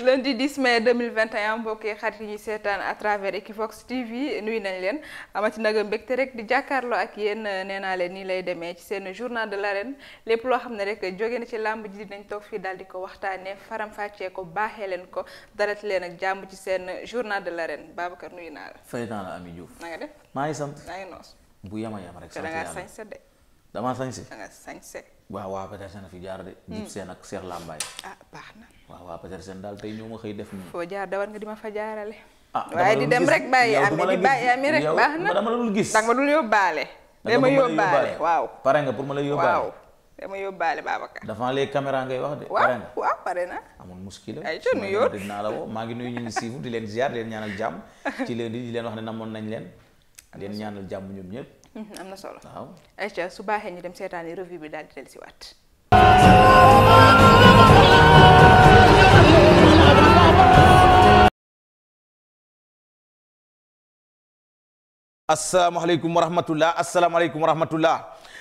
lundi 10 mai 2021 mbokki xarit yi ñuy seetaan à travers Equivox TV nuyu nañ leen amati nag mbégte rek di jàkkaarloo ak yéen neenaa naa leen nii lay demee ci seen journal de l'arène lépp loo xam ne rek jóge na ci làmb ji dinañ toog fii daal di ko waxtaanee faram-fàccee ko baaxee leen ko dalati leen ak jàmm ci seen journal de l'arène Babacar nuy naa la. fay naa la Ami Diouf. na def maa ngi sant. maa ngi bu yama yama rek sant yàlla sañ sa de. damaa sañse. da nga waaw waa Petersen a fi jaar de. Hmm. jub seen ak Cheikh Lambaye. ah baax na. waaw waa Petersen daal tey ñoo ma xëy def nii. foo jaar dawal nga di ma fa jaarale. ah waaye di dem rek bàyyi ami di bàyyi ami dama la dul gis danga ma dul yóbbaale. dama ma yóbbaale pare nga pour ma la yóbbaale waaw. dama yóbbaale Babacar. dafa les caméra ngay wax de. pare na waaw pare na. amoon muskila ay ca New York dinaa la maa ngi nuyu ñu ngi siifu di leen ziar di leen ñaanal jàmm ci leen di leen wax ne namoon nañ leen. leen ñaanal jàmm ñoom ñëpp Mhm, am na solo waaw. Aïcha su baaxee ñu dem seetaani revue bi daal di dellusiwaat. asalaamaaleykum wa rahmatulah asalaamaaleykum wa rahmatulah.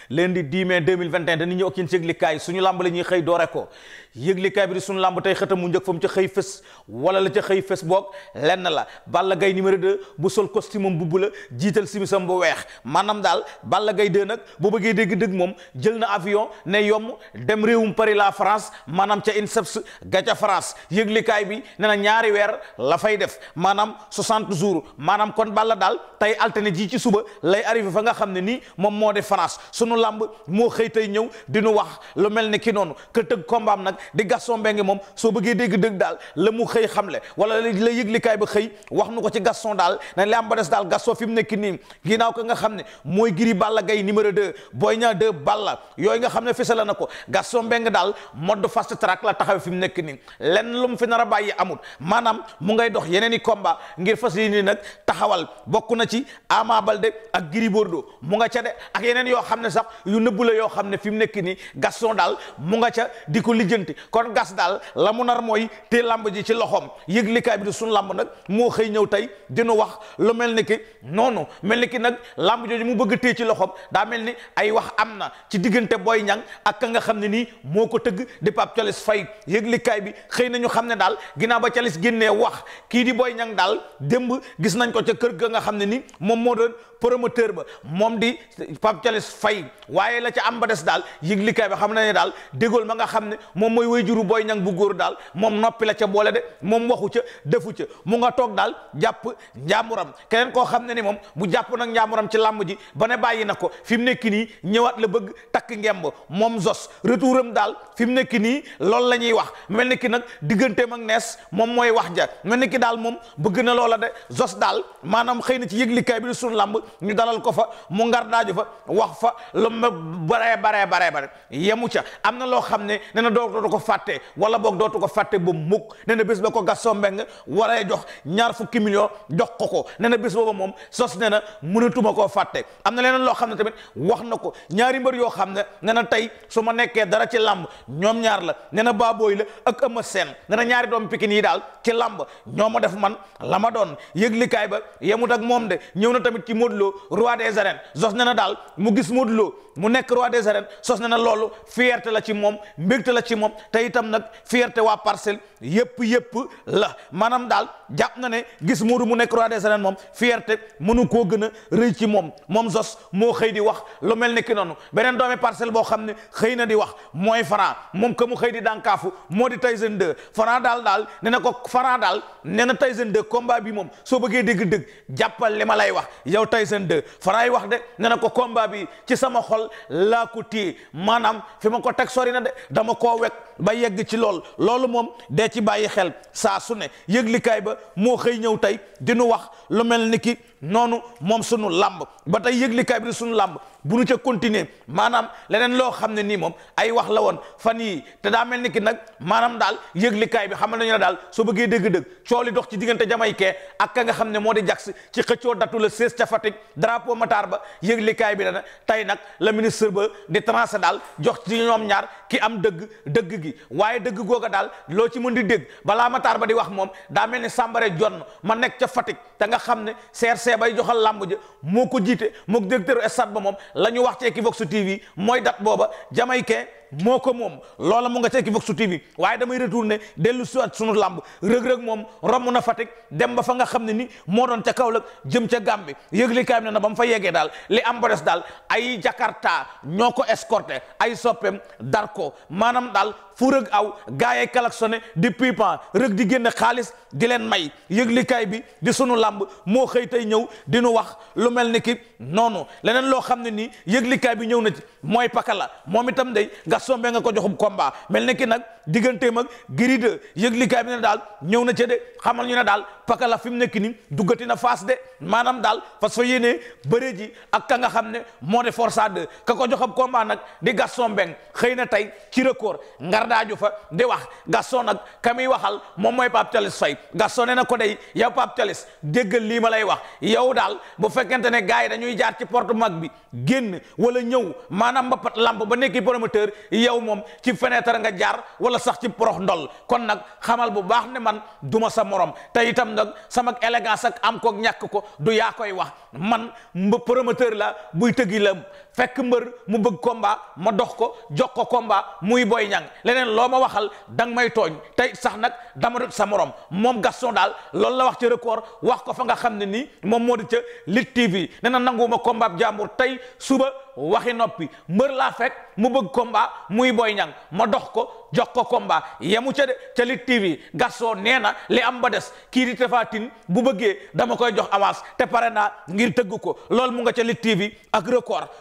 leen lundi 10 mai 2021 dañu ñëw ak yéen ci yëglikaay suñu làmb la ñuy xëy doore ko yëglikaay bi di suñu làmb tey xëtam mu njëkk fa mu ca xëy fës wala la ca xëy fës boog lenn la Balla gay numéro de bu sol costume bu bu la jiital simisam bu weex maanaam daal Balla Gaye 2 nag boo bëggee dégg dëgg moom jël na avion ne yomb dem réewum Paris la France maanaam ca INSEPS ga ca France yëglikaay bi ne na ñaari weer la fay def maanaam 60 jours maanaam kon Balla daal tey alterné ji ci suba lay arrivé fa nga xam ne nii moom moo de France sunu làmb moo xëy tey ñëw di nu wax lu mel ni ki noonu que tëgg kombaam nag di Gaston Mbengue moom soo bëggee dégg-dégg daal la mu xëy xamle wala la yëglikaay ba xëy wax nu ko ci Gaston daal na li am des daal Gaston fi nekk nii ginnaaw ko nga xam ne mooy giri Balla Gaye numéro 2 Boy Niang 2 Balla yooyu nga xam ne fësal na ko Gaston Mbengue daal mode fast track la taxaw fi mu nekk nii lenn lu mu fi nar a bàyyi amul maanaam mu ngay dox yeneen i combat ngir fas yéene na ci Ama Baldé ak Gris Bordeaux mu nga ca de ak yeneen sax yu nëbbu la yoo xam ne fi mu nekk nii Gaston daal mu nga ca di ko lijjanti kon gas daal la mu nar mooy te lamb ji ci loxoom yëglikaay bi di sunu lamb nag moo xëy ñëw tey dina wax lu mel ni ki noonu mel ni ki nag lamb jooju mu bëgg a téye ci loxoom daa mel ni ay wax am na ci diggante booy Niang ak ka nga xam ne nii moo ko tëgg di Pape Thialis Faye yëglikaay bi xëy na ñu xam ne daal ginnaaw ba Thialis génnee wax kii di Boy Niang daal démb gis nañ ko ca kër ga nga xam ne ni moom moo doon promoteur ba moom di Pape Thialis Faye waaye la ca am ba des daal yëglikaay bi xam na ne daal dégool ma nga xam ne moom mooy wayjuru booy ñang bu góor daal moom noppi la ca boole de moom waxu ca defu ca mu nga toog daal jàpp njaamuram keneen koo xam ne ni moom bu jàpp nag njaamuram ci làmb ji ba bàyyi na ko fi mu nekk nii ñëwaat la bëgg takk ngemb moom zos retouram daal fi mu nekk nii loolu la ñuy wax mel ni ki nag digganteem ak nees moom mooy wax ja mel ni daal moom bëgg na loola de zos daal maanaam xëy na ci yëglikaay bi di làmb ñu dalal ko fa mu ngar daaju fa wax fa lu baree baree bare yemu ca am na loo xam ne nee na dootu ko fàtte wala boog dootu ko fàtte bu mukk nee na bés ba ko Gaston Mbengue waree jox ñaar fukki million jox ko ko nee na bés booba moom sos nee na mënatuma koo fàtte am na leneen loo xam ne tamit wax na ko ñaari mbër yoo xam ne nee na tey su ma nekkee dara ci làmb ñoom ñaar la nee na baabooy la ak Eumeu seen nee na ñaari doom Pikine yi daal ci làmb ñoo ma def man la ma doon yëglikaay ba yemut ak moom de ñëw na tamit ci Modou Lo roi des arènes Modou Lo mu nekk roi des sos na na loolu fierté la ci moom mbégte la ci moom te itam nag fierté waa parcelle yëpp yëpp la maanaam daal jàpp na ne gis Modou mu nekk roi des arènes moom fierté mënu koo gën a rëy ci moom moom sos moo xëy di wax lu mel ni ki noonu beneen doomi parcelle boo xam ne xëy na di wax mooy Franc moom que mu xëy di dànkaafu moo di Tyson 2 Franc daal daal nee na ko Franc daal nee na Tyson 2 combat bi moom soo bëggee dégg-dëgg jàppal li ma lay wax sama xol laa ko téye maanaam fi ma ko teg sori na de dama koo wekk ba yegg ci lool loolu moom dee ci bàyyi xel saa su ne yëglikaay ba moo xëy ñëw tey dinu wax lu mel ni ki noonu moom sunu làmb ba tey yëglikaay bi sunu làmb bu nu ca continuer maanaam leneen loo xam ne nii moom ay wax la woon fan yii te daa mel ni ki nag maanaam daal yëglikaay bi xamal nañu ne daal soo bëggee dëgg-dëgg cooli dox ci diggante kee ak ka nga xam ne moo di jax ci xëccoo datu la sées ca Fatick drapeau Matar ba yëglikaay bi dana tey nag la ministre ba di tranché daal jox ci ñoom ñaar ki am dëgg dëgg gi waaye dëgg googa daal loo ci mën di dégg balaa Matar ba di wax moom daa mel ni sàmbare jonn ma nekk ca Fatick te nga xam ne seebay joxal làmb ja moo ko jiite mook directeur stade ba moom la ñu wax ci Equivox TV mooy date booba jamay jamaïcain moo ko moom loola mu nga ca Equivox TV waaye damay retourné dellu siwaat sunu làmb rëg-rëg moom romb na Fatick dem ba fa nga xam ne ni moo doon ca Kaolack jëm ca Gàmbi yëgle kaay ne na ba mu fa yeggee daal li am ba daal ay Jakarta ñoo ko escorté ay soppeem dar ko maanaam daal fu rëg aw gaayee klaxonné di pipan rëg di génne xaalis di leen may yëgle kaay bi di sunu làmb moo xëy tey ñëw di nu wax lu mel ni ki noonu leneen loo xam ne nii yëgle kaay bi ñëw na ci mooy pakala moom itam day Gaston Mbengue nga ko joxum komba mel ne ki nag digganteem ak Gris 2 yëglikaay bi ne daal ñëw na ca de xamal ñu ne daal paka la fi mu nekk ni duggati na face de maanaam daal fas fa yéenee bëre ji ak ka nga xam ne moo de forçat de ka ko joxam combat nag di Gaston Mbengue xëy na tey ci record ngar daaju fa di wax Gaston nag ka muy waxal moom mooy Pape Thialis fay Gaston ne na ko day yow Pape Thialis déggal lii ma lay wax yow daal bu fekkente ne gars yi dañuy jaar ci porte mag bi génn wala ñëw maanaam ba pat lamp ba nekki yow moom ci fenêtre nga jaar wala sax ci porox ndol kon nag xamal bu baax ne man duma sa morom te itam nag sama élégance ak am ko ñàkk ko du yaa koy wax man promoteur la buy tëggi la fekk mbër mu bëgg combat ma dox ko jox ko combat muy Boy Niang leneen loo ma waxal dang may tooñ tey sax nag dama dut sa morom moom gason daal loolu la wax ci record wax ko fa nga xam ne nii moom moo di ca Lutte TV nee na nanguwuma combat jàmbur tey suba waxi noppi mbër laa fekk mu bëgg komba muy Boy Niang ma dox ko jox ko combat yemu ca de ca lit TV Gaston nee na li am ba des kii di Tapha bu bëggee dama koy jox avance te pare naa ngir tëgg ko loolu mu nga ca lit TV ak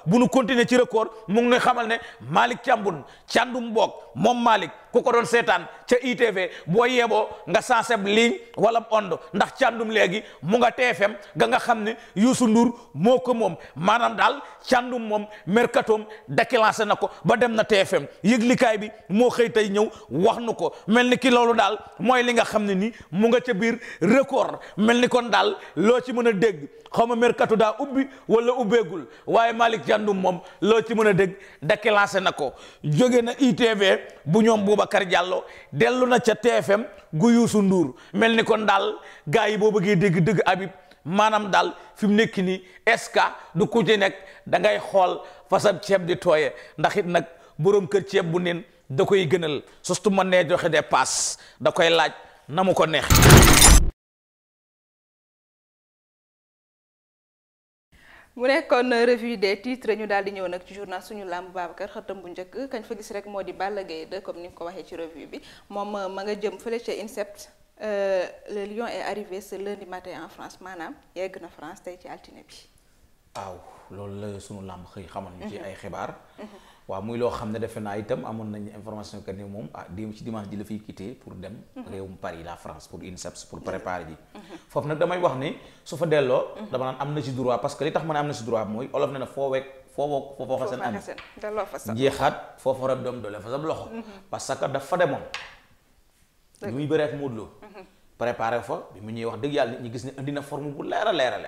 bu nu continuer ci record mu ngi xamal ne Malick Thiamboun Thiandoum bokk moom Malick ku ko doon seetaan ca ITV boo yeeboo nga sanseb ligne wala ondo ndax càndum léegi mu nga TFM ga nga xam ne Youssou Ndour moo ko moom maanaam daal càndum moom merkatoom déclenché na ko ba dem na TFM yëglikaay bi moo xëy tey ñëw wax nu ko mel ni ki loolu daal mooy li nga xam ne ni mu nga ca biir record mel ni kon daal loo ci mën a dégg xaw ma merkatu daa ubbi wala ubbeegul waaye Malick càndum moom loo ci mën a dégg déclenché na ko jóge Boubacar Diallo dellu na ca TFM gu Youssou Ndour mel ni kon daal gars yi boo bëggee dégg dëgg abib maanaam daal fi mu nekk nii eska du ku ci nekk da ngay xool fasab ceeb di tooye ndax it nag boroom kër ceeb bu neen da koy gënal surtout man nee joxe des pass da koy laaj na mu ko neex mu nekkoon revue des titres ñu daal di ñëw nag ci journal suñu làmb Babacar xëtam bu njëkk kañ fa gis rek moo di Balla Gaye 2 comme ni nga ko waxee ci revue bi moom euh, ma nga jëm fële ca INSEPT euh, le lion est arrivé ce lundi en France maanaam yegg na France tey ci altine bi. waaw loolu la suñu làmb xëy xamal ñu ci mhm. ay xibaar. Mhm. waaw muy loo xam ne defe naa itam amoon nañu information que ni moom ah démb ci dimanche ji la fiy quitté pour dem. Mhm. réewum Paris la France pour INSEPS pour mhm. préparer ji. Mhm. foofu wax ne su fa delloo. dama am na ci droit parce que li tax ma ne am na ci droit mooy olof ne na foo wekk foo foo foo xasee. am fa jeexaat foo fa rab doom doole fa sa loxo. parce dafa demoon. dëgg muy bëreek Modou Lo préparé fa bi mu ñuy wax dëgg yàlla ñu gis ne indi na forme bu leer a leer a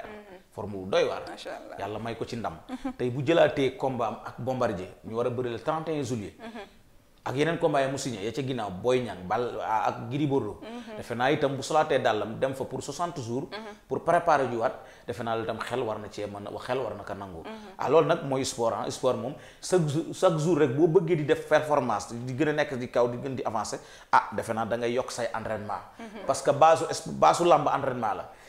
forme bu doy waar. macha allah yàlla may ko ci ndam. tey bu jëlaatee combat ak bombardier ñu war a bëri le 31 juillet. ak yeneen combat yi mu signé ya ca ginnaaw Boy Niang bal ak Gris Bordeaux. defe naa itam bu solaatee dàllam dem fa pour 60 jours. pour préparer juwaat defe naa la itam xel war na cee mën a xel war na ko nangu. ah loolu nag mooy sport ah sport moom chaque jour chaque rek boo bëggee di def performance di gën a nekk di kaw di gën di avancer ah defe da ngay yokk say entraînement. parce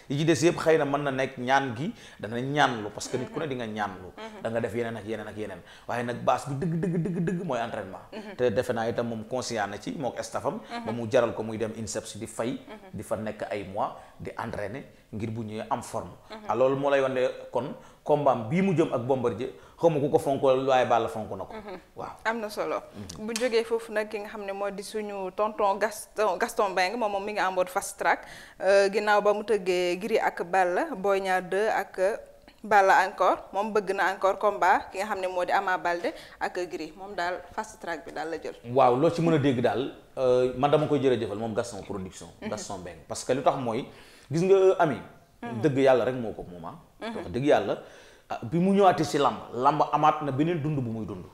yi ci des yëpp xëy na mën na nekk ñaan gi dana ñaanlu parce que nit ku ne di nga ñaanlu mhm. da nga def yeneen ak yeneen ak yeneen waaye nag base bi dëgg dëgg dëgg dëgg mooy entraînement mhm. te defe naa itam moom conscient na ci mook estafam mhm. ba mu jaral ko muy dem INSEPS di fay di fa nekk ay mois di entraîner ngir bu ñëwee am forme a ah, loolu moo lay wane kon combat bii mu jëm ak Bombardier xaw ma ku ko fonk waaye Balla fonk na ko. Mhm. waaw am na solo. Mhm. bu jógee foofu nag ki nga xam ne moo di suñu tonton Gaston Gaston Mbengue moom moom mi ngi am mode fast track euh, ginnaaw ba mu tëggee Gris ak Balla Boy Niang 2 ak. Euh, Balla encore moom bëgg na encore combat ki nga xam ne moo di Ama Balde ak Gris moom daal fast track bi daal la jël. waaw loo ci mën a dégg daal euh, man dama koy jërëjëfal moom Gaston production. Mhm. Gaston Mbengue parce que lu tax mooy gis nga ami. dëgg yàlla rek moo ko moom ah. dëgg yàlla. Ah, bi mu ñëwaatee si lamb lamb amaat na beneen dund bu muy dund.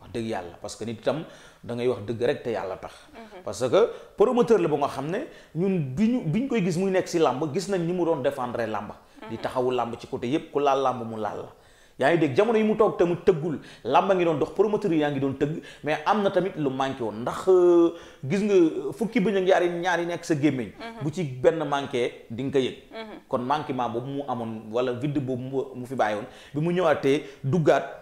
wax dëgg yàlla parce que nit itam da ngay wax dëgg rek te yàlla tax. Mhm. parce que promoteur la ba nga xam ne ñun bi ñu bi ñu koy gis muy nekk si lamb gis nañ ni mu doon défendre lamb. di mhm. taxawu lamb ci ko côté yépp ku laal lamb mu laal la. yaa ngi dégg jamono yi mu toog te mu tëggul làmba ngi doon dox promoteur yi yaa ngi doon tëgg mais am na tamit lu manqué woon ndax euh, gis nga euh, fukki bëñ ak ñaari ñaari nekk sa gémmiñ mhm. bu ci benn manqué di nga ko yëg mhm. kon manquement boobu mu amoon wala vide boobu mu fi bàyyi woon bi mu ñëwaatee duggaat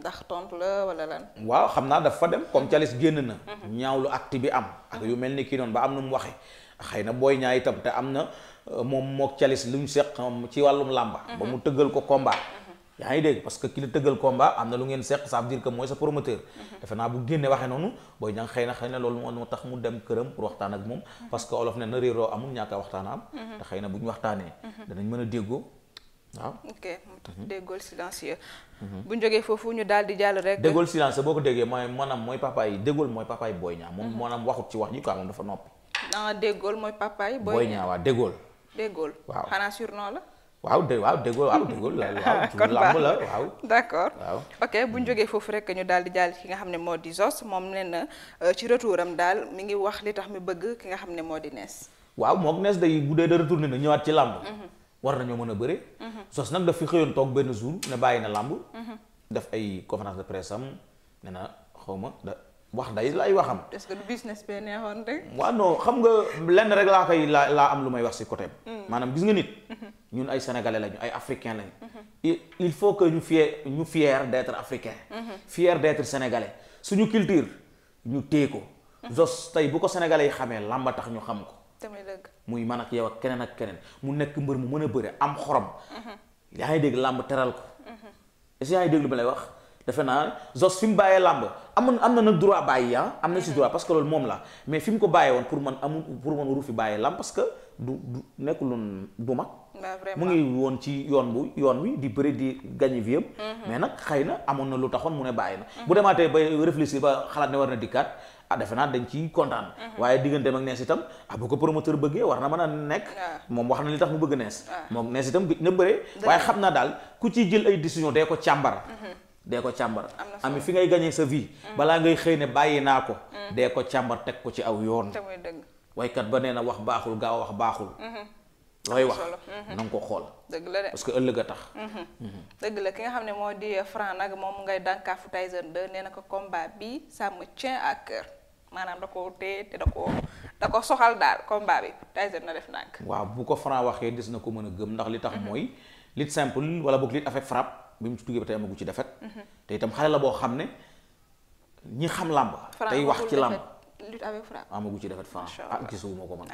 ndax tontu la wala lan. waaw xam naa dafa dem comme Thialis génn na. Mhm. ñaawlu acte bi am. ak yu mel ni kii noonu ba am na mu waxee xëy na booy ñaay itam te am na euh, moom mook Thialis lu ñu seq ci wàllum làmba. Mhm. ba mu tëggal ko combat. Mhm. yaa ngi dégg parce que ki la tëggal combat am na lu ngeen seq ça veut dire mooy sa promoteur. defe naa bu génne waxe noonu booy ñang xëy na xëy na loolu moo tax mu dem këram pour waxtaan ak moom. parce que olof ne na réeroo amul ñàkk a waxtaan am. te xëy na bu waxtaanee. danañ mën a déggoo waaw ok mu tuddee mhm. Gaulle mhm. bu ñu jógee foofu ñu daal di jàll rek. De Gaulle silencieux boo ko déggee mooy maanaam mooy papa yi De Gaulle mooy papa yi Boy Niang moom mhm. maanaam wax ji quoi moom dafa noppi. ah De Gaulle mooy papa yi. Boy Niang waaw De Gaulle. De Gaulle waaw xanaa surnom la. waaw de waaw De Gaulle waaw la waaw. kon làmb la waaw. d'accord waaw. ok bu ñu jógee foofu rek ñu daal di jàll ki nga xam ne moo di Zos moom nee na euh, ci retouram daal mi ngi wax li tax mi bëgg ki nga xam ne moo di Nees. waaw moo Nees day bu dee de retourné na ñëwaat ci làmb war nañoo mën a bëre. Mhm. sos nag daf fi xëyoon toog benn jour ne bàyyi na làmb. Mhm. def ay conférence de presse am ne na ma da wax day lay waxam. est-ce que du business bee neexoon rek. waaw non xam nga lenn rek laa koy laa am lu may wax si côté mm. maanaam gis nga nit. Mhm. ñun ay sénégalais lañu ay africains lañu. il faut que ñu fier ñu fier d'être africain. fier d'être sénégalais suñu culture ñu téye ko. jos tey bu ko sénégalais yi xamee làmba tax ñu xam ko. muy man ak yow ak keneen ak keneen mu nekk mbër mu mën a bëre am xorom. yaa ngi dégg làmb teral ko. est-ce yaa ngi dégg lu ma lay wax defe naa Zos fi mu bàyyee làmb amoon am na na droit bàyyi ah am na si droit parce que loolu moom la mais fi mu ko bàyyee woon pour man amul pour man waru fi bàyyee làmb parce que du du nekkul woon du mag. mu ngi woon ci yoon bu yoon wi di bëri di gagné vie mhm. mais nag xëy na amoon na lu taxoon mu ne bàyyi na. Mhm. bu demaatee bay réfléchir ba xalaat ne ah defe naa dañ ciy kontaan mhm. waaye digganteem ak nees itam ah bu ko promoteur bëggee war na mën a nekk moom wax na li tax mu bëgg nees moom nees itam gëj na bëree waaye xam naa daal ku ciy jël ay décision dee ko càmbar mhm. dee ko càmbar ami fi ngay mhm. ba nee na wax baaxul gaaw wax baaxul looy wax na nga ko xool dëgg la de parce que ëllëg a tax dëgg la ki nga xam ne moo di Franc nag moom ngay dànkaafu Tyson 2 nee na ko combat bi ça me à cœur maanaam da ko téye te da koo da ko soxal daal combat bi Tyson na def nag. waaw bu ko Franc waxee dis na ko mën a gëm ndax li tax mhm. mooy. lit simple wala boog lit avec frappe bi mu ci duggee ba tey amagu ci defet mhm. te itam xale la boo xam ne ñi xam làmb tey wax ci làmb amagu ci defet Franc ah gisuma ko man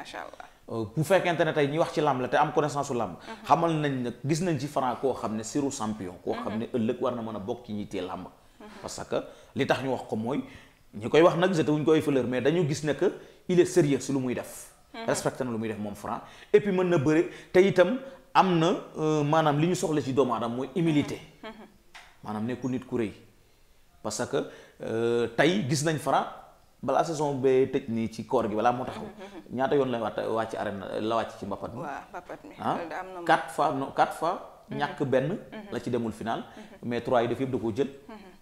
euh, bu fekkente ne tey ñi wax ci làmb la te am connaissance su làmb mhm. xamal nañ gis nañ ci Franc koo xam ne siru champion koo xam ne ëllëg war na mën a bokk ci ñi tee làmb parce que li tax ñu wax ko mooy ñi koy wax nag jeté wuñ koy fleur mais dañu gis ne que il est sérieux lu muy def mhm. respecté na lu muy def moom Franc et mën na bëre te itam am na euh, maanaam li ñu soxla ci doomu aadama mooy humilité mhm. maanaam nekkul nit ku rëy parce que euh, tey gis nañ Franc balaa saison bee tëj nii ci koor gi balaa moo taxaw mhm. ñaata yoon la wàcc arène la wàcc ci mbapat mi ah quatre fois non quatre fois ñàkk benn la ci demul final mais trois yi def yëpp da koo jël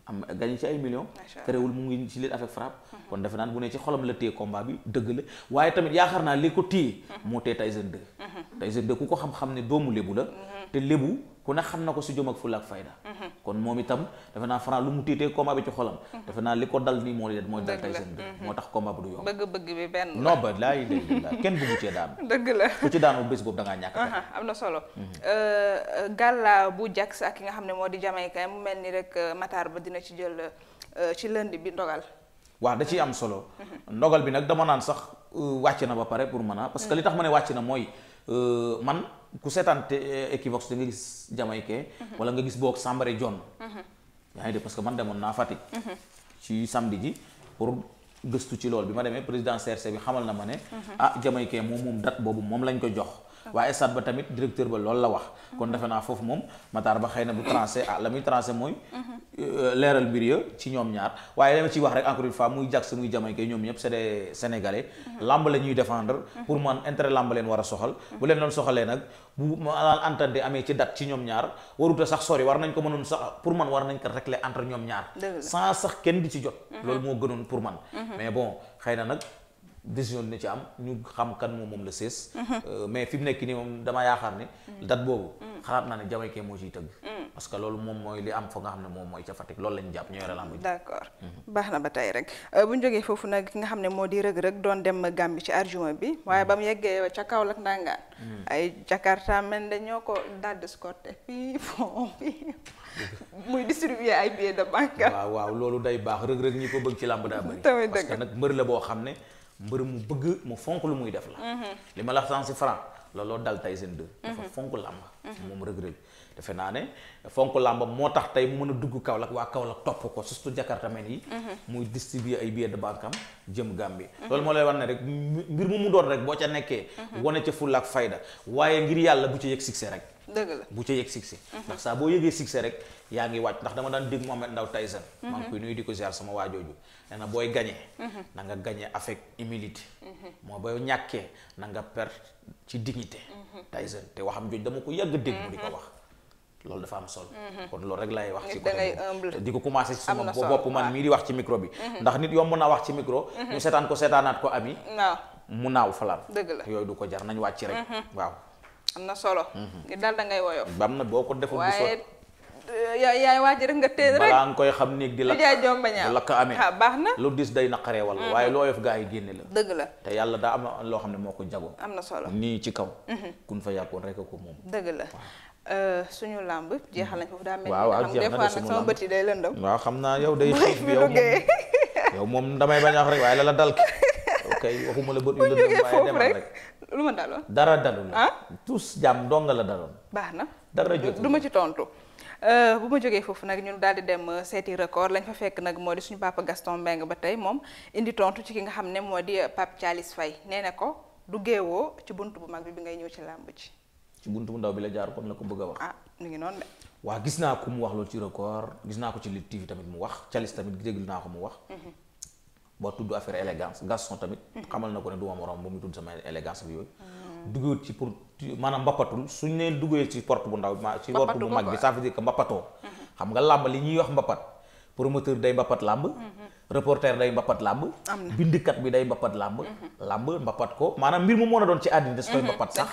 am gagné ci ay millions terewul mu ngi ci lit avec frappe mhm. kon defe naan bu ne ci xolam la téye combat bi dëgg la waaye tamit yaakaar naa li ko téye mhm. moo téye Tyson 2 mhm. Tyson 2 ku ko xam-xam ne doomu lébu la te lébu ku ne xam na ko si jom ak fulla ak fayda mhm. kon moom itam defe naa Franc lu mu tiitee combat bi ci xolam mhm. defe naa li ko dal nii moo li leen mooy dal Tyson bi mhm. moo tax combat bi du yomb bi benn non la kenn bëggu cee daanu dëgg la ku ci daanu bés boobu da ngaa ñàkk am na solo euh, gàlla bu jax ak ki nga xam ne moo di jamaïcain mu mel ni rek euh, Matar ba dina ci jël euh, ci lundi bi ndogal waaw da ciy am solo ndogal bi nag dama naan sax wàcc na ba pare pour mën a parce que li tax ma ne wàcc na mooy man ku seetaan te eh, Equivox te nga gis Jamaïcain mhm. wala nga gis boog Sambare John mhm. yaa ngi dégg parce que man demoon naa Fatick mhm. ci samedi ji pour gëstu ci loolu bi ma demee président CRC bi xamal na ma ne ah Jamaïcain moom moom date boobu moom lañ ko jox waaye stade ba tamit directeur ba loolu la wax kon defe naa foofu moom Matar ba xëy na bu trancé ah la muy trancé mooy mhm. euh, leeral mbir ya ci ñoom ñaar waaye dama ciy wax rek encore une fois muy Jax muy Jamaïcain ñoom ñëpp c'est des sénégalais mhm. lamb la ñuy défendre mhm. pour man intérêt lamb leen war a soxal bu leen doon soxalee nag bu maanaam entente amee ci date ci ñoom ñaar waruta sax sori war nañ ko mënoon sax pour man war nañ ko régler entre ñoom ñaar sans sax kenn di ci jot loolu moo gënoon pour man mais bon xëy na nag décision dina ci am ñu xam kan moom moom la sées mhm. euh, mais fi mu nekk nii moom dama yaakaar ne mm. date boobu mm. xalaat naa ne jamaykee moo ciy tëgg mm. parce que loolu moom mooy li am nga xam ne moom mooy ca Fatick loolu lañ jàpp ñu yore lamb d'accord mhm. na ba tey rek euh, bu ñu jógee foofu nag ki nga xam ne moo di rëg-rëg doon dem Gàmbi ci arjuma bi waaye mhm. ba mu yeggee ca kaw Kaolack ndangaan ay Jakarta mel ne ñoo ko daal di scorté fii bon muy distribuer ay billets de waaw waaw loolu day baax rëg-rëg ñi ko bëgg ci làmb daa bëri parce nag mbër la boo xam ne mbër mu bëgg mu fonk lu muy def la mhm. li ma la sànq si franc looloo dal Tyson 2 mhm. dafa fonk làmb mhm. moom rëg-rëg defe naa ne fonk làmb moo tax tey mën a dugg Kaolack waa Kaolack topp ko surtout jakartamen yi muy distribuer ay billets de banque am jëm Gambie loolu moo lay wan ne rek mbir mu mu doon rek boo ca nekkee wane ca fulla ak fayda waaye ngir yàlla bu ci yëg succès rek dëgg bu ca yëg si mhm. ndax saa boo yëgee succès rek yaa ngi wàcc ndax dama daan dégg Mohamed Ndao Tyson mhm. maa ngi koy nuyu di ko ziar sama waajooju nee na booy gañee mhm. na nga gañee avec humilité moo booy ñàkkee na nga perte ci dignité Tyson te waxam jooj dama ko yàgg dégg mu di ko wax loolu dafa am solo kon loolu rek lay wax ci côté di ko commencé ci sama bopp man mii di wax ci micro bi ndax nit yomb naa wax ci micro ñu seetaan ko seetaanaat ko ami mu naaw falaam dëgg la yooyu du ko jar nañ wàcc rek waaw am na solo. Mhm. ngir dal da ngay woyof. bam na boo ko deful bu sot waaye eh, yaay waaj rek nga téye rek. balaa nga koy xam néeg di lakk jaay jomba ñaaw lakk amee ah, baax na. lu mhm. la. dëgg la te yàlla daa loo xam ne moo ko jago. am na solo nii ci kaw. Mhm. kun fa yàggoon rek ko moom. dëgg la. Eh, suñu làmb jeexal nañ foofu daa mel. waaw waaw bët yi day lëndam. naa yow a wax rek waaye la la dal ki. ok waxuma la bët yu lëndam waaye rek lu ma daloon dara dalul ah tous jàmm donga la daloon baax na dara jot du ma ci tontu euh, bu ma jógee foofu nag ñun daal di dem euh, seeti record lañ fa fekk nag moo di suñu papa Gaston Mbengue ba tey moom indi tontu ci ki nga xam ne moo di euh, Pape Thialis fay nee na ko du géewoo ci bunt bu mag bi bi ngay ñëw ci làmb ci ci bunt bu ndaw bi la jaar kon la ko bëgg a wax ah mu ngi noon de waa gis naa ko mu wax loolu ci record gis naa ko ci Lutte TV tamit mu wax Thialis tamit déglu naa ko mu wax mhm. ba tudd affaire élégance Gaston tamit xamal na ko ne du ma morom bu muy tudd sama élégance bi yooyu duggewut ci port maanaam mbappatul suñ leen duggee ci porte bu ndaw ci porte bu mag bi ça veut dire que mbappatoo xam nga làmb li ñuy wax mbappat promoteur day mbappat làmb reporter day mbappat làmb bindkat bi day mbappat làmb làmb mbappat ko maanaam mbir mu mën a doon ci àddina des koy mhm, mbappat sax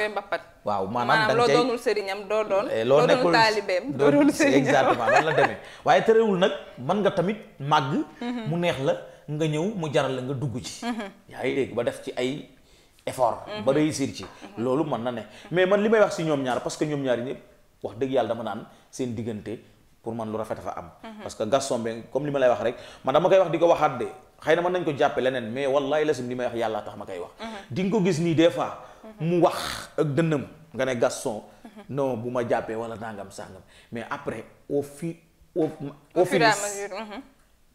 waaw maanaam da nga cay loo doonul doo doon eh, loo nekkul taalibeem doo doon sëriñam exactement noonu la demee waaye terewul nag mën nga tamit màgg mhm. mu neex la nga ñëw mu jaral la nga dugg ci. Mhm. yaa ngi ba def ci ay effort. ba mhm. réussir ci. Mhm. loolu man na ne mais man li may wax si ñoom ñaar parce que ñoom ñaar ñëpp wax dëgg yàlla dama naan seen diggante pour man lu rafet fa am. parce que Gaston Mbengue comme li ma lay wax rek man dama koy wax di ko na mën nañ ko jàppe leneen mais ma koy wax. di nga ko gis nii des fois. mu wax ak dënnam nga ne Gaston. non bu ma jàppee wala nangam sangam mais après au fi au au finish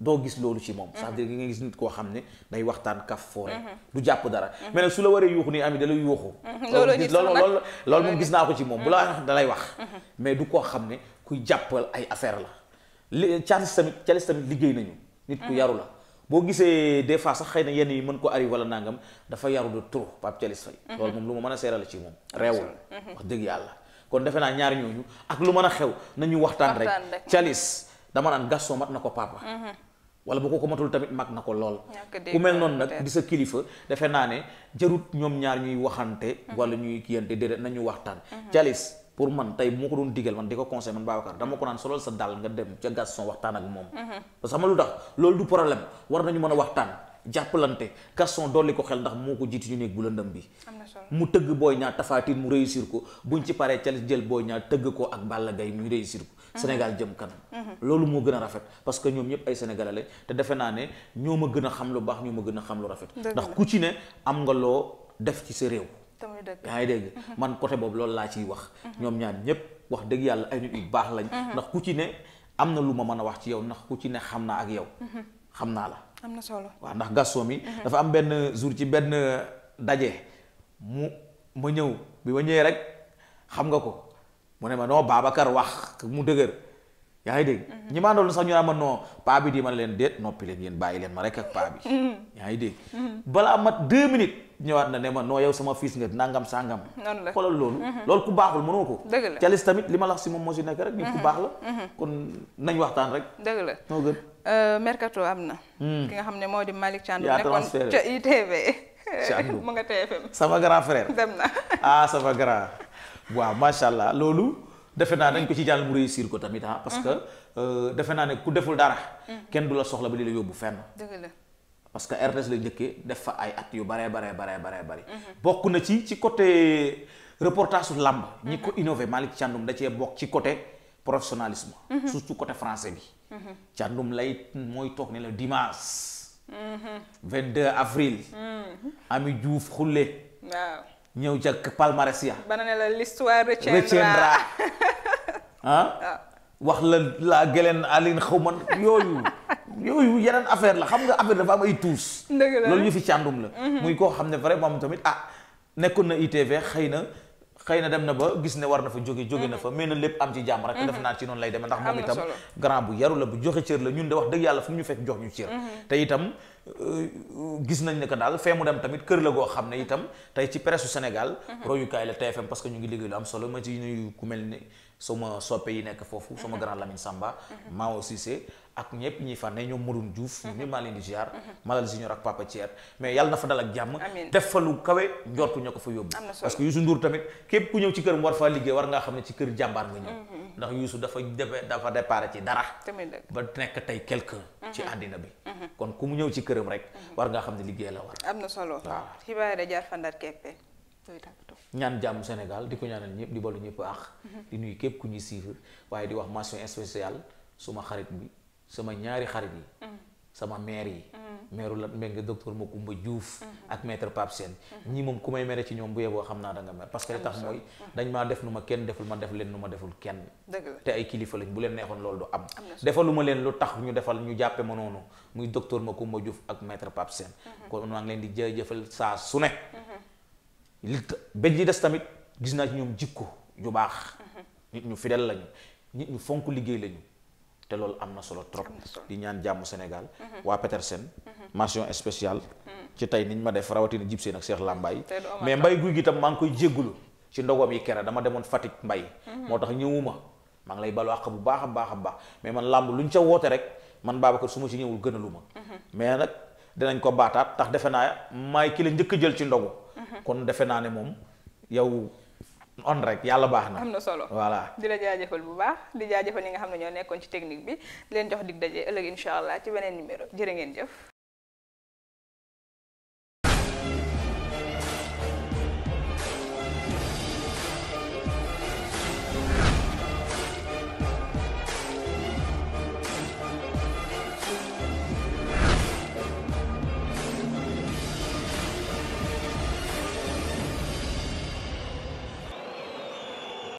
doo gis loolu ci moom sax veut dire nga gis nit koo xam ne day waxtaan kaf foore mm-hmm. du jàpp dara mm-hmm. mais su la waree yuuxu nii ami dalay yuuxu mm-hmm. loolu loolu moom gis naa ko ci moom bu la wax dalay wax mais du koo xam ne kuy jàppal ay affaire la li caalis tamit caalis tamit liggéey nañu nit ku yaru la boo gisee des fois sax xëy na yenn yi mën ko arrivé wala nangam dafa yaru de trop Pape Thialis Faye loolu moom lu ma mën a seeral ci moom reewul wax dëgg yàlla kon defe naa ñaari ñooñu ak lu mën a xew nañu waxtaan rek Thialis dama naan Gaston mat na ko papa wala boo ko ko matul tamit mag na ko lool ku mel noonu nag di sa kilifa defe naa ne jarut ñoom ñaar ñuy waxante wala ñuy kiyante na ñu waxtaan mhm. jalis pour man tey moo ko doon digal man di ko conseil man Babacar dama ko naan solol sa dàll nga dem ca Gaston waxtaan ak moom mhm. parce que xam nga lu tax loolu du problème war nañu mën a waxtaan jàppalante Gaston dolli ko xel ndax moo ko jiitu ñu néeg bu lëndëm bi mu tëgg booy ñaar tafaatin mu réussir ko buñ ci paree calis jël booy ñaar tëgg ko ak Balla Gaye muy réussir ko Sénégal jëm kanam loolu moo gën a rafet parce que ñoom ñëpp ay sénégalais te defe naa ne ñoo ma gën a xam lu baax ñoom ma gën a xam lu rafet ndax ku am nga loo def ci sa réew yaa ngi dégg mhm. man côté boobu loolu laa ciy wax mhm. ñoom ñaan ñëpp wax dëgg yàlla ay nit yu baax lañ mhm. ndax ku ci ne am na lu ma mën a wax ci yow ndax ku ci ne xam naa ak yow xam naa la am na solo waaw ndax Gaston mi dafa am benn jour ci benn daje mu ma ñëw bi ma ñëwee rek xam nga ko mu ne ma non Babacar wax mu dëgër yaa ngi dégg. Mhm. ñi ma àndaloon sax ñu naan ma noo paa bi di ma leen déet noppi leen yéen bàyyi leen ma rek ak paa bi. Mhm. yaa ngi dégg. Mhm. balaa mat deux minutes ñëwaat na ne ma noo yow sama fiis nga nangam sangam. noonu la xoolal loolu. lool ku baaxul mënoo ko. dëgg la Thialis tamit li ma la wax si moom moo si nekk rek. nit ku baax la. kon nañ waxtaan rek. dëgg la moo gën. Euh, mercato am na. Hmm. ki nga xam ne moo di Malick Thiandoum nekkoon ca ITV. mu nga TFM sama grand frère. dem na ah sama waaw macha allah loolu defe naa dañ ko ci jàll mu réussir ko tamit ah. parce que mhm. euh, defe naa ne ku deful dara. Mhm. kenn du la soxla ba di la yóbbu fenn. dëgg RTS la njëkkee def fa ay at yu baree baree baree baree mhm. bokk na ci ci côté reportage su làmb. ñi ko innové Malick Thiandoum da cee bokk ci côté professionnalisme. surtout côté français bi. Thiandoum lay mooy toog ne la dimanche. 22 avril. Ami Diouf xulle ñëw ca palmarès ya ba ne la l'histoire retiendra ah wax la laa geleen Aline xaw man yooyu yooyu yeneen affaire la xam nga affaire dafa am ay tuus loolu ñu fi càndum la mhm. muy koo xam ne vraiment tamit ah nekkoon na ITV xëy na xëy na dem na ba gis ne war na fa jóge jóge na mhm. fa mais na lépp am ci jàmm rek mhm. def naa ci noonu lay demee ndax moom itam grand bu yaru la bu joxe cër la ñun de wax dëgg yàlla fu mu ñu fekk jox ñu cër mhm. te itam euh, gis nañ ne que daal fee mu dem tamit kër la goo xam ne itam tey ci presse Sénégal royukaay la TFM parce que ñu ngi liggéey lu am solo ma ci nuyu ku mel ni sama soppe yi nekk foofu sama mhm. grand Lamine Samba mhm. Mao Cissé ak ñëpp ñi fa ne ñoom Modou Diouf ñu mhm. ñëpp maa leen di Malal Junior ak na fa dal ak jàmm def fa lu kawe njortu ñoo ko fa yóbbu parce que Youssou Ndour tamit képp ku ñëw ci kër mu war faa liggéey war ngaa xam ne ci kër jàmbaar nga ñëw ndax Youssou dafa dafa départ ci dara ba nekk tey quelqu'un ci àddina bi kon ku mu ñëw ci këram rek war ngaa xam ne liggéey la war am na solo waaw da jaar Fandar Keppe ñaan jàmm Sénégal di ko ñaanal ñëpp di balu ñëpp aax di nuyu képp ku ñuy suivre waaye di wax mention spéciale suma xarit bi sama ñaari xarit yi mm. sama maire yi mm. maire la Mbengue docteur Macoumba Diouf mm. ak maître Pape Sène ñi moom ku may mere ci ñoom bu yeboo naa da nga mer parce que tax mooy dañ maa def nu ma kenn deful ma def leen nu ma deful kenn kilifa lañ bu leen neexoon loolu du defaluma leen lu tax ñu defal ñu jàppe ma noonu muy docteur Macoumba Diouf ak maître Pape Sène mm-hmm. kon maa ngi leen di jëjëfal saa su ne mm-hmm. li benn li des tamit gis naa ci ñoom jikko ju baax. nit ñu fidèle lañu nit ñu fonk liggéey lañu te loolu am na solo trop. di ñaan jàmm Sénégal. Mhm. waa Petersen. Mhm. mention spéciale. Mhm. ci tey niñ ma def rawatin jib seen ak Cheikh Lambaye. mais mbay guy gi tam maa ngi koy jéggulu ci ndogom yi kera dama demoon Fatick mbay. moo tax ñëwuma maa ngi lay balu àq bu baax a baax a baax mais man làmb lu ñu ca woote rek man baaba Babacar su ma ci ñëwul gënaluma. mais nag dinañ ko baataat tax defe naa maay ki la njëkk jël ci ndogu. Mhm. kon defe naa ne moom yow on rek yàlla baax na. am na solo voilà. di la jaajëfal bu baax di jaajëfal yi nga xam ne ñoo nekkoon ci technique bi leen jox dig daje ëllëg incha allah ci beneen numéro jërë ngeen jëf.